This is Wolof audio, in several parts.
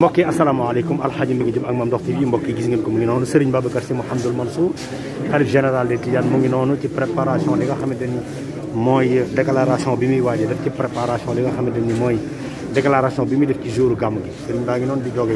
mbokk yi asalaamaaleykum alxaaji mi ngi jëm ak Mame Ndokh TV mbokk yi gis ngeen ko mu ngi noonu Serigne Babacar Sy Mouhamadoul Mansour xalif général des Tidianes mu ngi noonu ci préparation li nga xamante ni mooy déclaration bi muy waaj def ci préparation li nga xamante ni mooy déclaration bi muy def ci gàmm gi Serigne baa ngi noonu di doog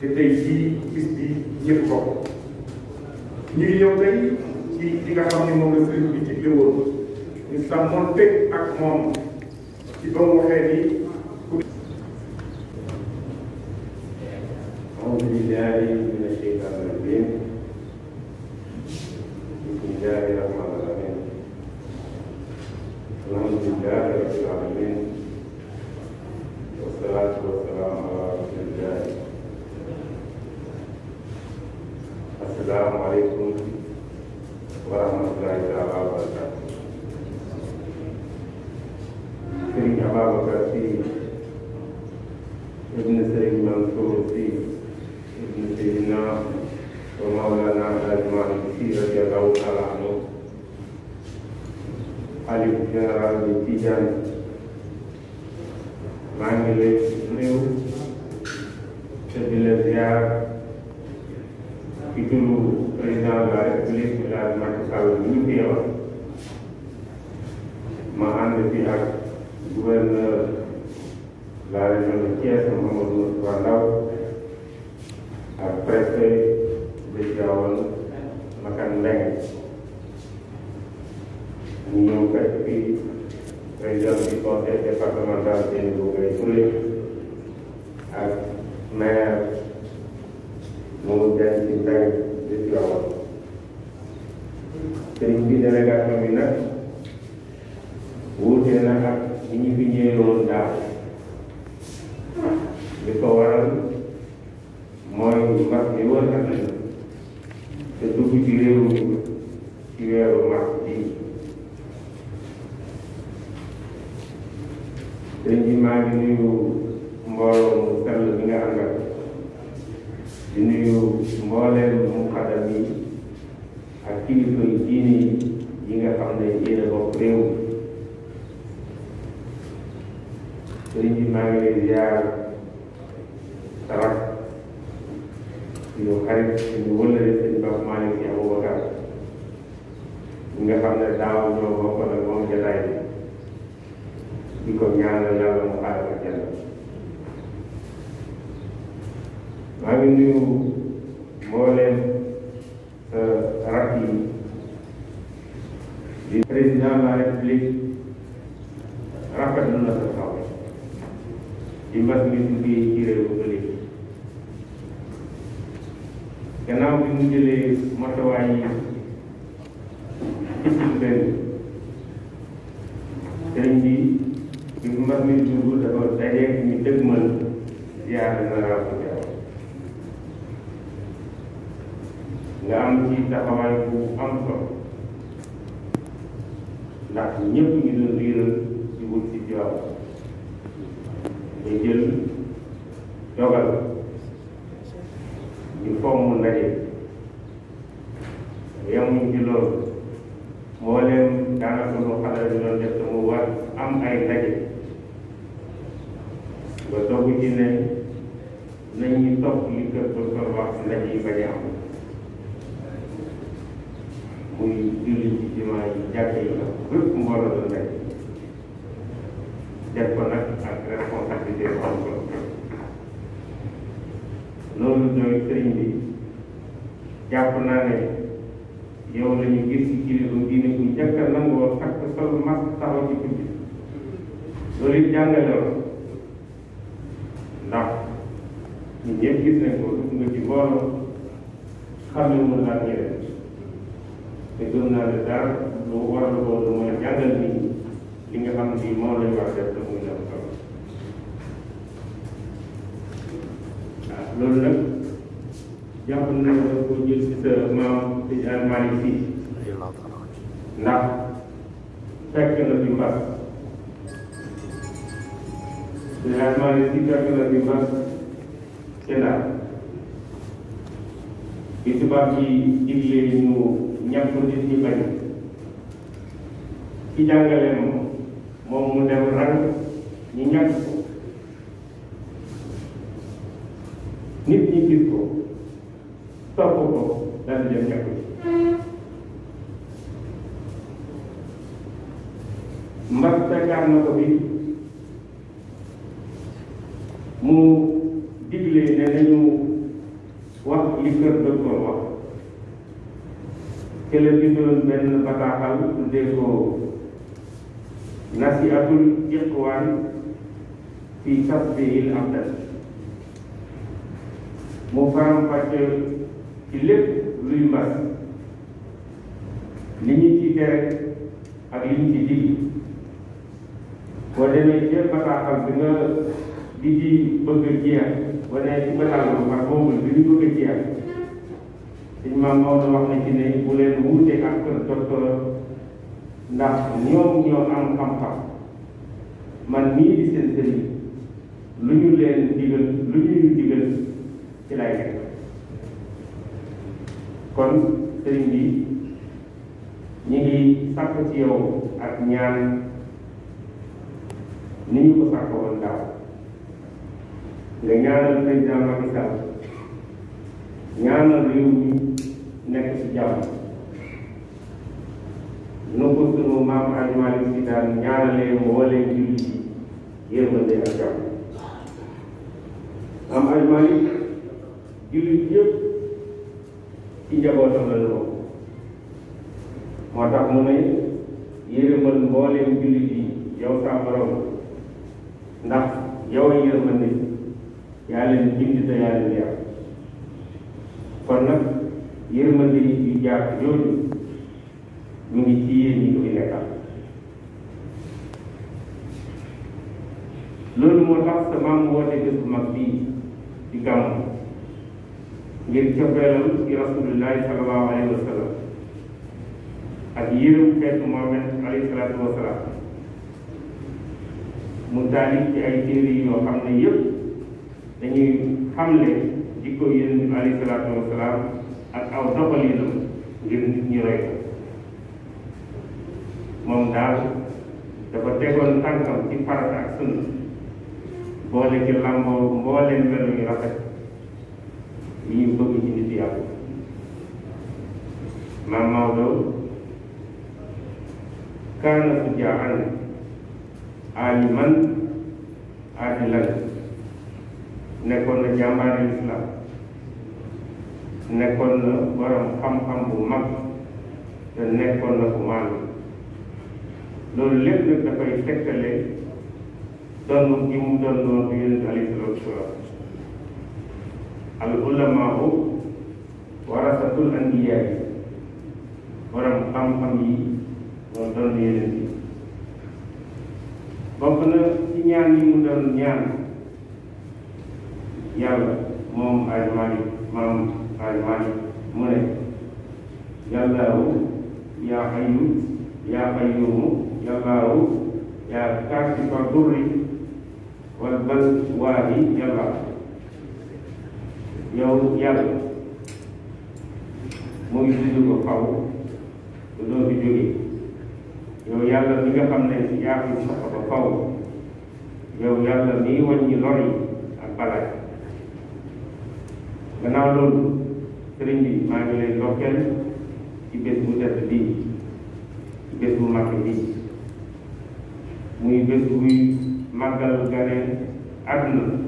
te tey jii bis bi ñëpp ko ñu ngi ñëw tey ci li nga xam ne moom la sëriñ bi digle woon ñu sàmmonte ak moom ci ba mu waxee ni أعوذ بالله من الشيطان الرجيم بسم الله الرحمن الرحيم الحمد لله رب العالمين aleykum wa rahmatullahi taala wa barakatu Sëriñ Ababacar Sy ibn Sëriñ Mansour Sy ibn Seydina wa Mawlana Alaaji Maalik Sy radiyallahu taala anhu xalifa général bi Tijaan maa ngi lay nuyu te di la ziar ci turu président de la république El Hadj Macky Sall mi ñu fi yebal ma ànd ci ak gouverneur de la région de Thiès Makan Mbengue ñu ñëw fekk fii président du conseil départemental Seydou Gueye Touré ak maire Mamadou Diagne Mbengue de Tivaouane sëriñ bi délégation bi nag wuute na ak ñi ñu fi ñëwoon daaw li ko waral mooy mag mi wër àdduna te dugg ci réew mi ci weeru mag bi sëriñ bi maa ngi nuyu mbooloo mu sell bi nga àndal di nuyu mbooleem mu xadam yi ak kilifa yi diine yi nga xam ne yéen a bokk réew mi sëriñ bi maa ngi lay ziar sarak suñu xarit suñu wëllale sëñ Pape Malick Sy Aboubacar ñi nga xam ne daaw ñoo bokk na moom jataay bi di ko ñaanal yàlla mu xaaral ak jàll maa ngi nuyu liggéey ci réew bële gannaaw bi mu jëlee matuwaay yi isim benn sëriñ bi bi mu mag mi dugg dafa dajeeg ñu dëgmal ziar général bu Jaaw nga am ci taxawaay bu am solo ndax ñëpp ñu doon riiral di wut ci Jaaw nga dogal ñu fomm ndaje yemuñ ci loolu moo leen daanaka lu xale bi doon def te mu am ay ndaje ba dogu ci ne nañu topp li kër docteur wax ndaje yi bañ a am muy julli ci jumaa yi jàkk yi la bépp mbooloo la ndaje def ko nag ak responsabilité bu am solo loolu ñooy sëriñ bi jàpp naa ne yow la ñu gis ci kilifa diine bu njëkk a nangoo takk sol masque taxaw ci public loolu it jàngale la ndax ñun ñëpp gis nañ ko dugg nga ci mbooloo xam ne mun laa ñëwee te gëm naa ne daal lu war loolu nag jàpp na nga ko jël ci sa maam di daan Malick Sy ndax fekk na fi mbas di daan Malick Sy fekk na fi mbas te ndax bi tubaab yi digle mu ñàkk nit ñi bañ ci jàngale moom moom mu dem rang nit ñi ko topp ko daal di dem mbas fekkaat na ko bi mu digle ne nañu wax li kër docteur wax te la bindoon benn bataaxal tuddee ko nasihatul iqwaan fi tasbihil abdal moo faram fàcceel ci lépp luy mbas li ñu ciy tere ak li ñu ci dig boo demee jël bi nga di ci bëgg a jeex wala ci bataaxal par boobu bi ñu bëgg a jeex suñ maam Maodo wax na ci ne bu leen wuute ak kër docteur ndax ñoom ñoo am xam-xam man nii di seen ci lay kon sëriñ bi ñu ngi sàkk ci yow ak ñaan ni ñu ko sàkk woon daaw nga ñaanal président Macky Sall ñaanal réew mi nekk ci jàmm nu ko sunu maam Alimaali si daan ñaanalee mbooleem jullit yi yërmande ak jàmm am Alimaali jullit yëpp ci njabootam la ñu bokk moo tax mu ne yërëmal mbooleem jullit yi yow sa borom ndax yow a yërëmal nit yaa leen bind te yaa leen yar kon nag yërëmal nit yi jaar jooju mu ngi ci yéen ñi ko fi nekkal loolu moo tax sa maam woote bés bu mag bii ci gàmmu ngir cofeelam ci rasulillahi sallallahu alayhi wa sallam ak yërëm xeetu Muhammad alayhi salaatu wa salaam mu taalif ci ay téere yoo xam ne yëpp dañuy xamle jikko yonent bi alayhi salaatu wa salaam ak aw doxalinam ngir nit ñi roy ko moom daal dafa tegoon tànkam ci farata ak sunna boole ci làmboo mboolem melu yu rafet li ñu bëgg ci nit yàlla maam Maodo kaana fujaan aliman adilan nekkoon na jàmbaari islam nekkoon na borom xam-xam bu mag te nekkoon na bu maanu loolu lépp nag dafay tegtale doon gi mu doon doon bi yonent alayhi salaatu wasalaam al ulamaahu warasatul anbiyaa yi borom xam-xam yi doon doon yeneen yi bokk na ci ñaan yi mu doon ñaan yàlla moom ay Maalik maam ay Maalik mu ne yàllaawu yaa xayu yaa xayuumu yàllaawu yaa kaasifa durri wal balwaayi yàllaaw yow yàlla mu ngi dund ko faw te doo fi jóge yow yàlla mi nga xam ne yaa fi sax ba faw yow yàlla mi wàññi lor yi ak balaay gannaaw loolu sëriñ bi maa ngi lay ndokkeel ci bés bu tedd bii ci bés bu mag bii muy bés buy màggal gane àdduna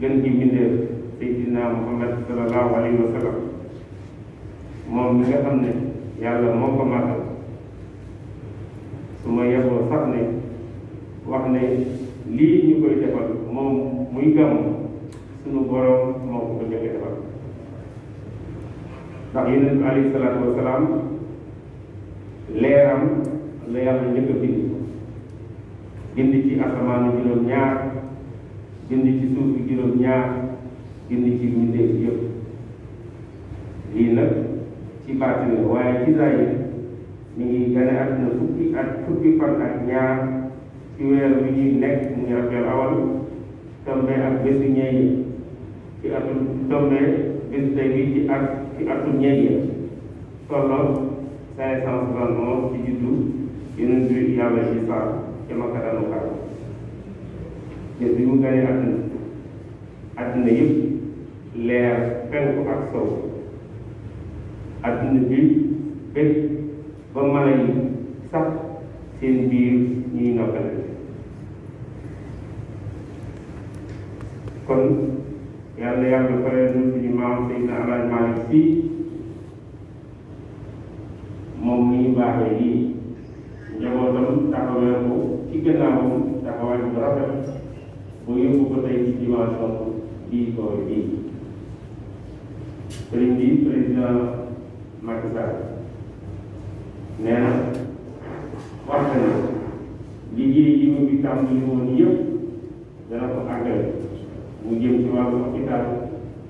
gën ci mbindeef seydina muhammad sallallahu alayhi wa sallam moom ne yàlla moo ko màggal su ma yeboo sax ne wax ne lii ñu koy defal moom muy gàmm suñu boroom moo ko ko jëkke defal ndax yonent bi alayhi salaatu wa salaam leeram la yàlla njëkk a bind bind ci asamaanu ci suuf bi juróom génn ci mbindeef yëpp lii nag ci baatin la waaye ci zaahir mi ngi gane àdduna fukki at fukki fan ak ñaar ci weer bi ñuy nekk mu ngi rafetlu awal tombé ak bésu ñeey ci atum tombé bésu tey bi ci at ci atum ñeey tolloo cinq cent soixante moom ci juddu yonent bi yàlla ci saa ca Makka danu kaar bés bi mu gane àdduna àdduna yëpp leer fenk ak sow adduna bi bés ba mala yi sax seen biir ñuy noppale kon yàlla yàlla fayal ñu suñu maam Seydina Alaaji Maalik Si moom mi ñu baaxee lii njabootam taxawee ko ci gannaawam taxawaay bu rafet bu yóbbu ko tey ci dimension bii sëriñ bi président Macky Sall nee na wax na mu bi tàmbali woon yëpp dana ko àggale mu jëm ci wàllu hôpital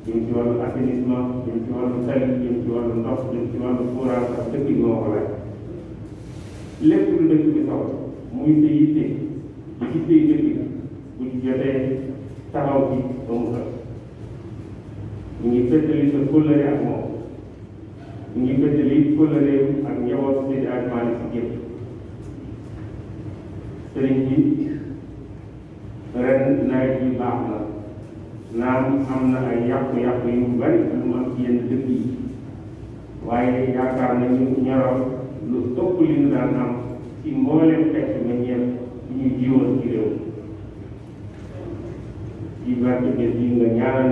jëm ci wàllu assainissement jëm ci wàllu tali jëm ci wàllu ndox jëm ci wàllu courant ak dëkk bi moo ko laaj lépp lu dëkk bi soxla muy ñoroon lu ëpp li ñu daan am ci mboolem xeetu meññeef bi ñu jiwoon ci réew ci barke bés yi nga ñaanal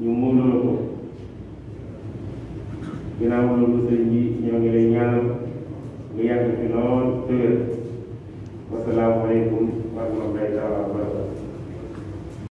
ñu ñu ko ginnaaw loolu sëñ bi ñoo ngi lay ñaanal nga yàgg fi lool tëwér